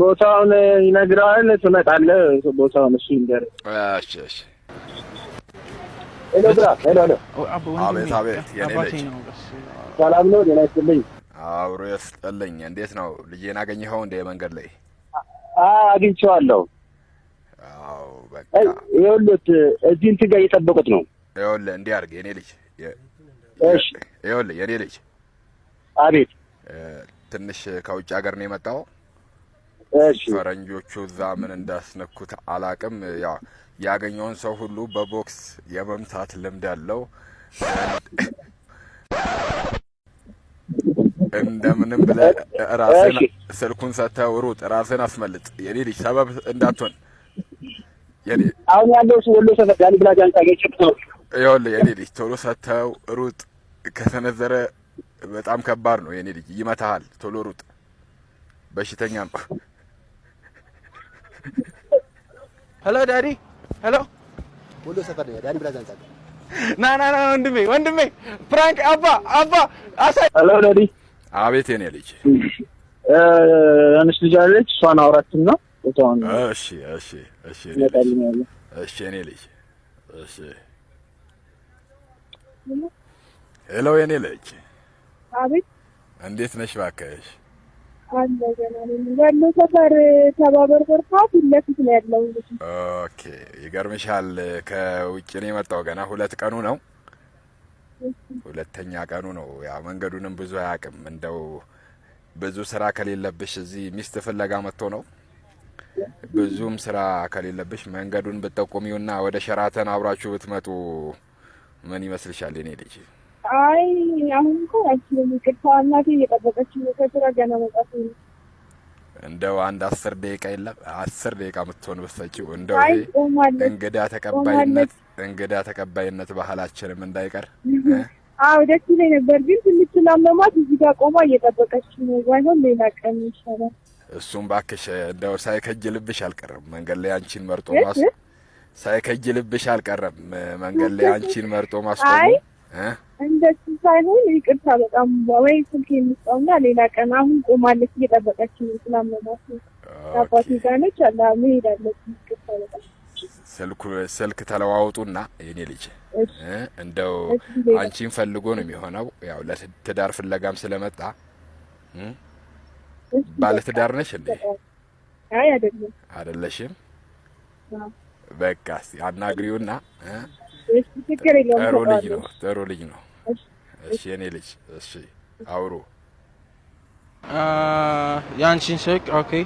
ቦታውን ይነግረዋል። ትመጣለህ ቦታውን እሱ ይንገር። እሺ እሺ። አቤት አቤት። የኔ ልጅ ሰላም ነው? ጤና ይስጥልኝ። አብሮ ያስጠልኝ። እንዴት ነው ልጄን አገኘኸው እንደ መንገድ ላይ? አግኝቼዋለሁ። አዎ በቃ ይኸውልህ፣ እዚህ እንትን ጋር እየጠበቁት ነው። ይኸውልህ እንዲህ አድርግ የኔ ልጅ። እሺ ይኸውልህ የኔ ልጅ። አቤት። ትንሽ ከውጭ ሀገር ነው የመጣው ፈረንጆቹ እዛ ምን እንዳስነኩት አላቅም። ያው ያገኘውን ሰው ሁሉ በቦክስ የመምታት ልምድ አለው። እንደምንም ብለ ራስን ስልኩን ሰተው ሩጥ፣ ራስን አስመልጥ። የኔ ልጅ ሰበብ እንዳትሆን። አሁን ያለው ወሎ ሰፈር ብላ ይኸውልህ፣ የኔ ልጅ ቶሎ ሰተው ሩጥ። ከሰነዘረ በጣም ከባድ ነው የኔ ልጅ፣ ይመታሃል። ቶሎ ሩጥ። በሽተኛ ነው። ሄሎ ዳዲ፣ ሄሎ ወሎ ሰፈር ነው ዳዲ ብራዛን ጻፈ። ና ና ና ወንድሜ ወንድሜ፣ ፍራንክ አባ አባ አሳይ። ሄሎ ዳዲ። አቤት የኔ ልጅ። አንሽ ልጅ አለች፣ እሷን አውራትና ወጣውን። እሺ እሺ እሺ እሺ የኔ ልጅ እሺ። ሄሎ የኔ ልጅ። አቤት። እንዴት ነሽ? እባክሽ አለ ገና ያለው ሰፈር ተባበር በርካ ፊት ለፊት ነው ያለው። ኦኬ ይገርምሻል። ከውጭ ነው የመጣው ገና ሁለት ቀኑ ነው፣ ሁለተኛ ቀኑ ነው። ያ መንገዱንም ብዙ አያውቅም። እንደው ብዙ ስራ ከሌለብሽ እዚህ ሚስት ፍለጋ መጥቶ ነው። ብዙም ስራ ከሌለብሽ መንገዱን ብጠቁሚውና ወደ ሸራተን አብራችሁ ብትመጡ ምን ይመስልሻል? የኔ ልጅ አይ አሁን እኮ አልችልም፣ ይቅርታ እናቴ እየጠበቀችኝ ነው። ከስራ ገና መውጣት እንደው አንድ አስር ደቂቃ የለም አስር ደቂቃ የምትሆን በሰጪው እንደው እንግዳ ተቀባይነት እንግዳ ተቀባይነት ባህላችንም እንዳይቀር። አዎ ደስ ይለኝ ነበር፣ ግን ትንሽ ስላመማት እዚህ ጋር ቆማ እየጠበቀች ነው። ባይሆን ሌላ ቀን ይሻላል። እሱም ባክሽ እንደው ሳይከጅ ልብሽ አልቀረም መንገድ ላይ አንቺን መርጦ ማስ ሳይከጅ ልብሽ አልቀረም መንገድ ላይ አንቺን መርጦ ማስቆሙ ሳይሆን ይቅርታ በጣም ወይ ስልክ የሚስጠውና ሌላ ቀን አሁን ቆማለች እየጠበቀች ስላመማት አባቴ ጋር ነች አላ መሄድ አለብኝ። ይቅርታ በጣም ስልኩ ስልክ ተለዋውጡና የኔ ልጅ እንደው አንቺን ፈልጎ ነው የሚሆነው። ያው ለትዳር ፍለጋም ስለመጣ ባለትዳር ነሽ እንዴ? አይ አይደለሽም? በቃ አናግሪውና ጥሩ ልጅ ነው ጥሩ ልጅ ነው እሺ የኔ ልጅ እሺ አውሩ ያንቺን ሸቅ ኦኬ